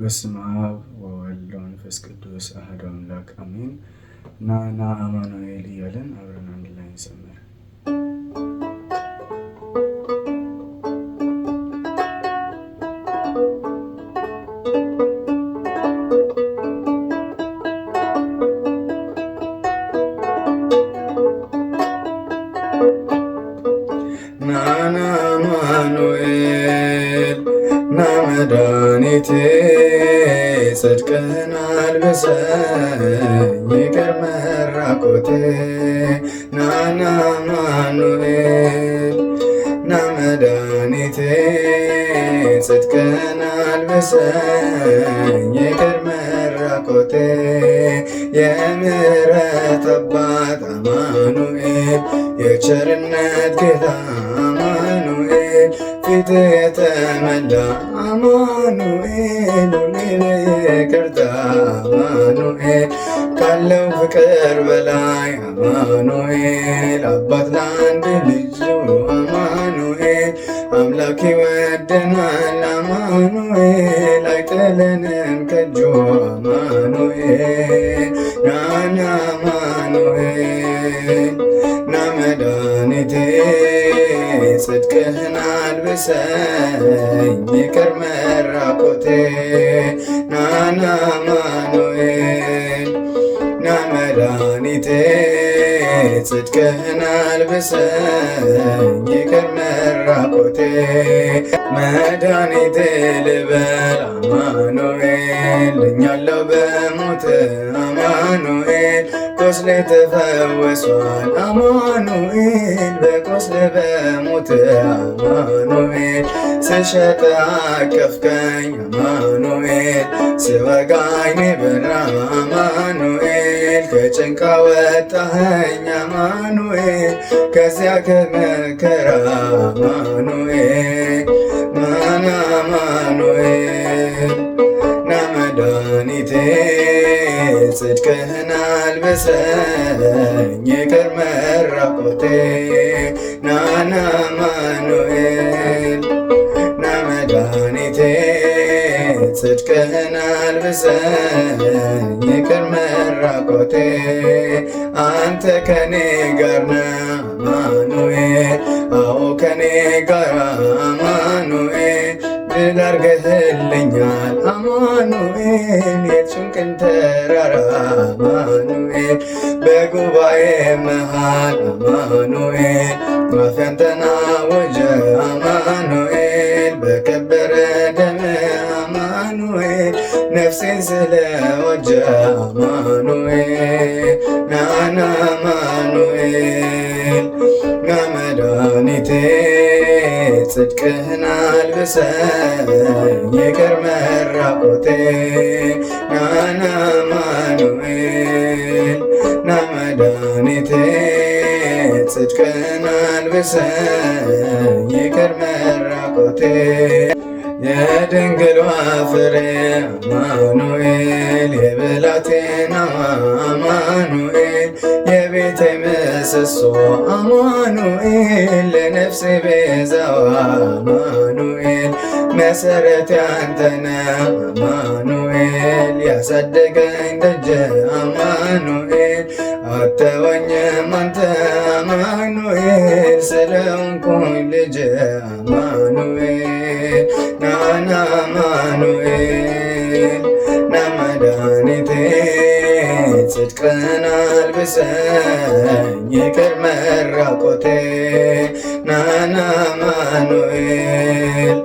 በስመ አብ ወወልድ ወመንፈስ ቅዱስ አሐዱ አምላክ አሜን። ናና ና አማኑኤል እያለን አብረን አንድ ላይ እንሰማለን። ጽድቅን አልብሰኝ ይቅር መራቆቴ ናና አማኑኤል ና መድኃኒቴ ጽድቅን አልብሰኝ ይቅር መራቆቴ የምሕረት አባት አማኑኤል የቸርነት ጌታ ፊት የተመላ አማኑኤል ሁሌ ይቅርታ አማኑኤል ካለው ፍቅር በላይ አማኑኤል አባት ለአንድ ልጁ አማኑኤል አምላክ ይወደናል አማኑኤል አይጥለንም ከጁ አማኑኤል ናና አማኑኤል ና መድኃኒቴ ጽድቅህን አልብሰኝ ይቅር መራቆቴ ናና አማኑኤል ና መድኃኒቴ ጽድቅህን አልብሰኝ ይቅር መራቆቴ መድኃኒቴ ልበል አማኑኤል እኛለው በሞት አማኑኤል በቁስል ተፈወሷል አማኑኤል በቁስል በሞት አማኑኤል ስሸት አቀፍከኝ አማኑኤል ስወጋኝ በራ አማኑኤል ከጭንቃ ወጣኸኝ አማኑኤል ከዚያ ከመከራ አማኑኤል ማና አማኑኤል ናመዳኒቴ ጽድቅህ አስመለሰኝ ይቅር መራቆቴ ናና አማኑኤል ና መድኃኒቴ ጽድቅህን አልብሰኝ ይቅር መራቆቴ አንተ ከኔ ጋር ነህ አማኑኤል አዎ ከኔ ጋር ድል አርገህልኛል አማኑኤል የጭንቅን ተራራ አማኑኤል በጉባኤ መሃል አማኑኤል አፌን ተናወጀ አማኑኤል በከበረ ደም አማኑኤል ነፍሴን ስለወጀ አማኑኤል ናና አማኑኤል ናመዳኒቴ ጽድቅህን አልብሰን ይቅር መራቆቴን ናና አማኑኤል ና መድኃኒቴ ጽድቅህን አልብሰን ይቅር መራቆቴን የድንግሏ ፍሬ አማኑኤል የብላቴና አማኑኤል ምሰሶ አማኑኤል ለነፍስ ቤዛዋ አማኑኤል መሰረት ያንተነ አማኑኤል ያሳደገኝ ደጀ አማኑኤል አተወኝም አንተ አማኑኤል ስለሆንኩኝ ልጅ አማኑኤል ናና አማኑኤል ናመዳኒቴ ጽድቅን አልብሰኝ ይቅር መራቆቴ ናና አማኑኤል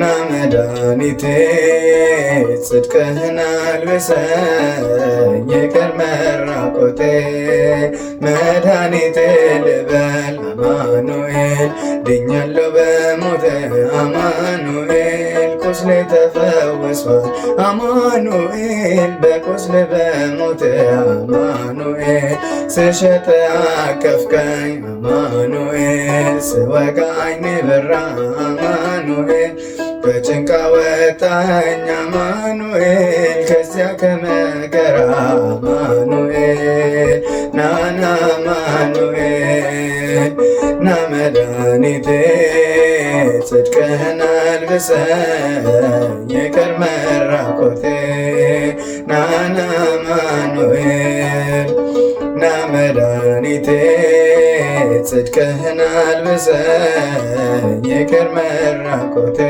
ና መድኃኒቴ ጽድቅህን አልብሰኝ ይቅር መራቆቴ መድኃኒቴ ልበል አማኑኤል ድኛለሁ አማኑኤል ላይ ተፈወሰ አማኑኤል በቁስል በሞት አማኑኤል ስሸት አቀፍከኝ አማኑኤል ስወጋኝ በራ አማኑኤል በጭንቃ ወጣኝ አማኑኤል ከዚያ ከመከራ አማኑኤል ናና አማኑኤል ናመዳኒቴ ጽድቅህን አልብሰኝ ይቅር መራቆቴ ናና አማኑኤል ና መድኃኒቴ ጽድቅህን አልብሰኝ ይቅር መራቆቴ